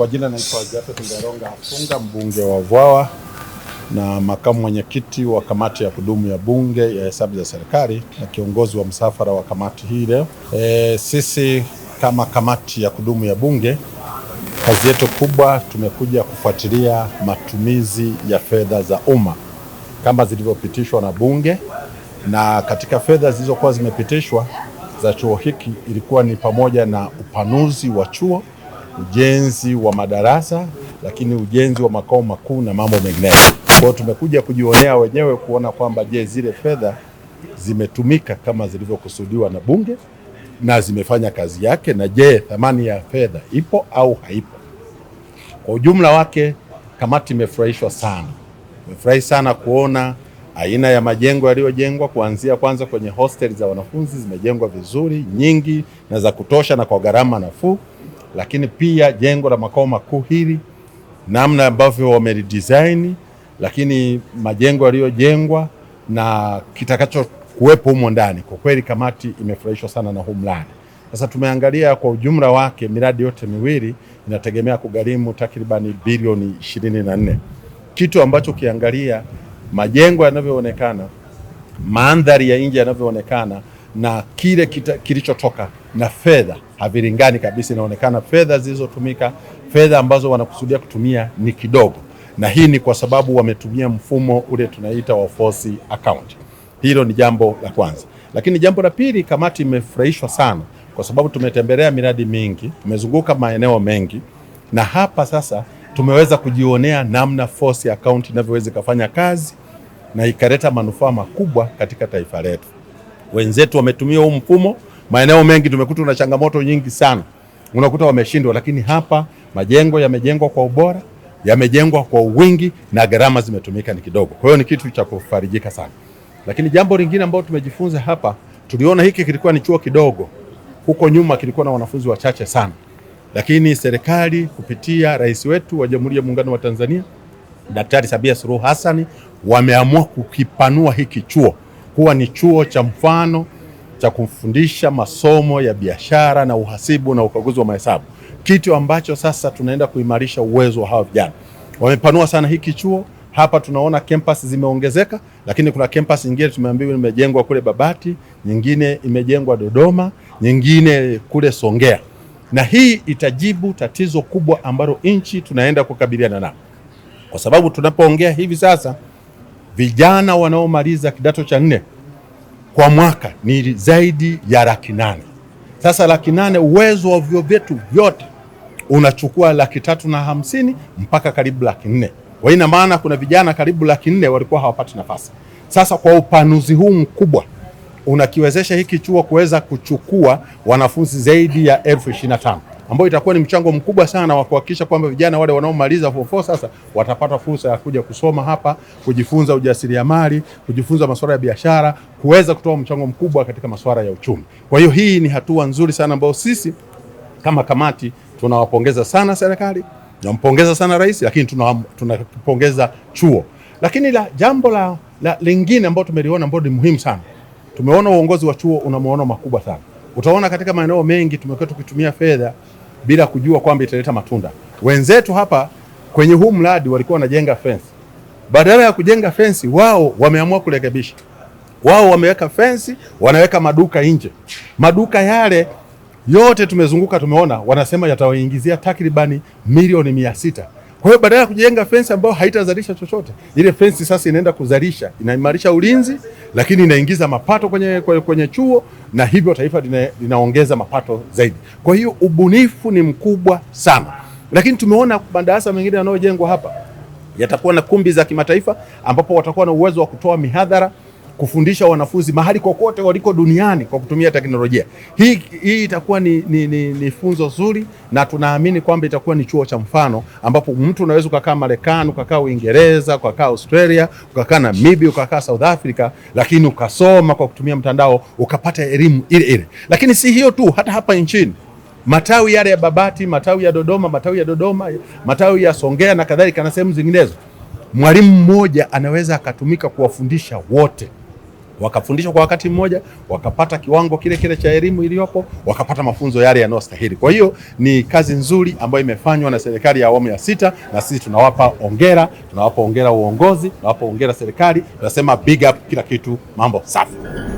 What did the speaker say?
Kwa jina naitwa Japhet Ngaronga Hasunga, mbunge wa Vwawa na makamu mwenyekiti wa kamati ya kudumu ya bunge ya hesabu za serikali na kiongozi wa msafara wa kamati hii leo. E, sisi kama kamati ya kudumu ya bunge kazi yetu kubwa tumekuja kufuatilia matumizi ya fedha za umma kama zilivyopitishwa na bunge, na katika fedha zilizokuwa zimepitishwa za chuo hiki ilikuwa ni pamoja na upanuzi wa chuo ujenzi wa madarasa, lakini ujenzi wa makao makuu na mambo mengineyo. Kwa hiyo tumekuja kujionea wenyewe kuona kwamba je, zile fedha zimetumika kama zilivyokusudiwa na Bunge na zimefanya kazi yake, na je thamani ya fedha ipo au haipo. Kwa ujumla wake, kamati imefurahishwa sana, imefurahi sana kuona aina ya majengo yaliyojengwa kuanzia kwanza kwenye hosteli za wanafunzi zimejengwa vizuri, nyingi na za kutosha, na kwa gharama nafuu lakini pia jengo la makao makuu hili namna ambavyo wameridesign, lakini majengo yaliyojengwa na kitakacho kuwepo humo ndani, kwa kweli kamati imefurahishwa sana na huu mradi. Sasa tumeangalia kwa ujumla wake miradi yote miwili inategemea kugharimu takribani bilioni ishirini na nne. Kitu ambacho ukiangalia majengo yanavyoonekana, mandhari ya nje yanavyoonekana na kile kilichotoka na fedha haviringani kabisa. Inaonekana fedha zilizotumika, fedha ambazo wanakusudia kutumia ni kidogo, na hii ni kwa sababu wametumia mfumo ule tunaita wa force account. Hilo ni jambo la kwanza, lakini jambo la pili, kamati imefurahishwa sana kwa sababu tumetembelea miradi mingi, tumezunguka maeneo mengi, na hapa sasa tumeweza kujionea namna force account inavyoweza ikafanya kazi na ikaleta manufaa makubwa katika taifa letu wenzetu wametumia huu mfumo. Maeneo mengi tumekuta na changamoto nyingi sana, unakuta wameshindwa, lakini hapa majengo yamejengwa kwa ubora, yamejengwa kwa wingi na gharama zimetumika ni kidogo. Kwa hiyo ni kitu cha kufarijika sana, lakini jambo lingine ambalo tumejifunza hapa, tuliona hiki kilikuwa ni chuo kidogo, huko nyuma kilikuwa na wanafunzi wachache sana, lakini serikali kupitia rais wetu wa Jamhuri ya Muungano wa Tanzania Daktari Samia Suluhu Hassan wameamua kukipanua hiki chuo kuwa ni chuo cha mfano cha kufundisha masomo ya biashara na uhasibu na ukaguzi wa mahesabu, kitu ambacho sasa tunaenda kuimarisha uwezo wa hawa vijana. Wamepanua sana hiki chuo hapa, tunaona campus zimeongezeka, lakini kuna campus nyingine tumeambiwa imejengwa kule Babati, nyingine imejengwa Dodoma, nyingine kule Songea, na hii itajibu tatizo kubwa ambalo nchi tunaenda kukabiliana nalo, kwa sababu tunapoongea hivi sasa vijana wanaomaliza kidato cha nne kwa mwaka ni zaidi ya laki nane. Sasa laki nane, uwezo wa vyuo vyetu vyote unachukua laki tatu na hamsini mpaka karibu laki nne. Kwa ina maana kuna vijana karibu laki nne walikuwa hawapati nafasi. Sasa kwa upanuzi huu mkubwa unakiwezesha hiki chuo kuweza kuchukua wanafunzi zaidi ya elfu ishirini na tano ambayo itakuwa ni mchango mkubwa sana wa kuhakikisha kwamba vijana wale wanaomaliza form four sasa watapata fursa ya kuja kusoma hapa, kujifunza ujasiriamali, kujifunza masuala ya biashara, kuweza kutoa mchango mkubwa katika masuala ya uchumi. Kwa hiyo hii ni hatua nzuri sana ambayo sisi kama kamati tunawapongeza sana serikali, tunampongeza sana rais, lakini tunapongeza tuna chuo. Lakini la jambo la, la lingine ambalo tumeliona ambalo ni muhimu sana, tumeona uongozi wa chuo una maono makubwa sana. Utaona katika maeneo mengi tumekuwa tukitumia fedha bila kujua kwamba italeta matunda. Wenzetu hapa kwenye huu mradi walikuwa wanajenga fence, badala ya kujenga fence wao wameamua kurekebisha. Wao wameweka fence, wanaweka maduka nje. Maduka yale yote tumezunguka, tumeona, wanasema yatawaingizia takribani milioni mia sita. Kwa hiyo badala ya kujenga fensi ambayo haitazalisha chochote, ile fensi sasa inaenda kuzalisha, inaimarisha ulinzi, lakini inaingiza mapato kwenye, kwenye chuo na hivyo taifa linaongeza mapato zaidi. Kwa hiyo ubunifu ni mkubwa sana, lakini tumeona madarasa mengine yanayojengwa hapa yatakuwa na kumbi za kimataifa ambapo watakuwa na uwezo wa kutoa mihadhara kufundisha wanafunzi mahali kokote waliko duniani kwa kutumia teknolojia hii. Hii itakuwa ni, ni, ni, ni funzo zuri, na tunaamini kwamba itakuwa ni chuo cha mfano ambapo mtu unaweza ukakaa Marekani, ukakaa Uingereza, ukakaa Australia, ukakaa Namibia, ukakaa South Africa, lakini ukasoma kwa kutumia mtandao ukapata elimu ile ile. Lakini si hiyo tu, hata hapa nchini matawi yale ya Babati, matawi ya Dodoma, matawi ya Dodoma, matawi ya Songea na kadhalika na sehemu zinginezo, mwalimu mmoja anaweza akatumika kuwafundisha wote wakafundishwa kwa wakati mmoja, wakapata kiwango kile kile cha elimu iliyopo, wakapata mafunzo yale yanayostahili. Kwa hiyo ni kazi nzuri ambayo imefanywa na serikali ya awamu ya sita, na sisi tunawapa ongera, tunawapa ongera uongozi, tunawapa ongera serikali, tunasema big up, kila kitu mambo safi.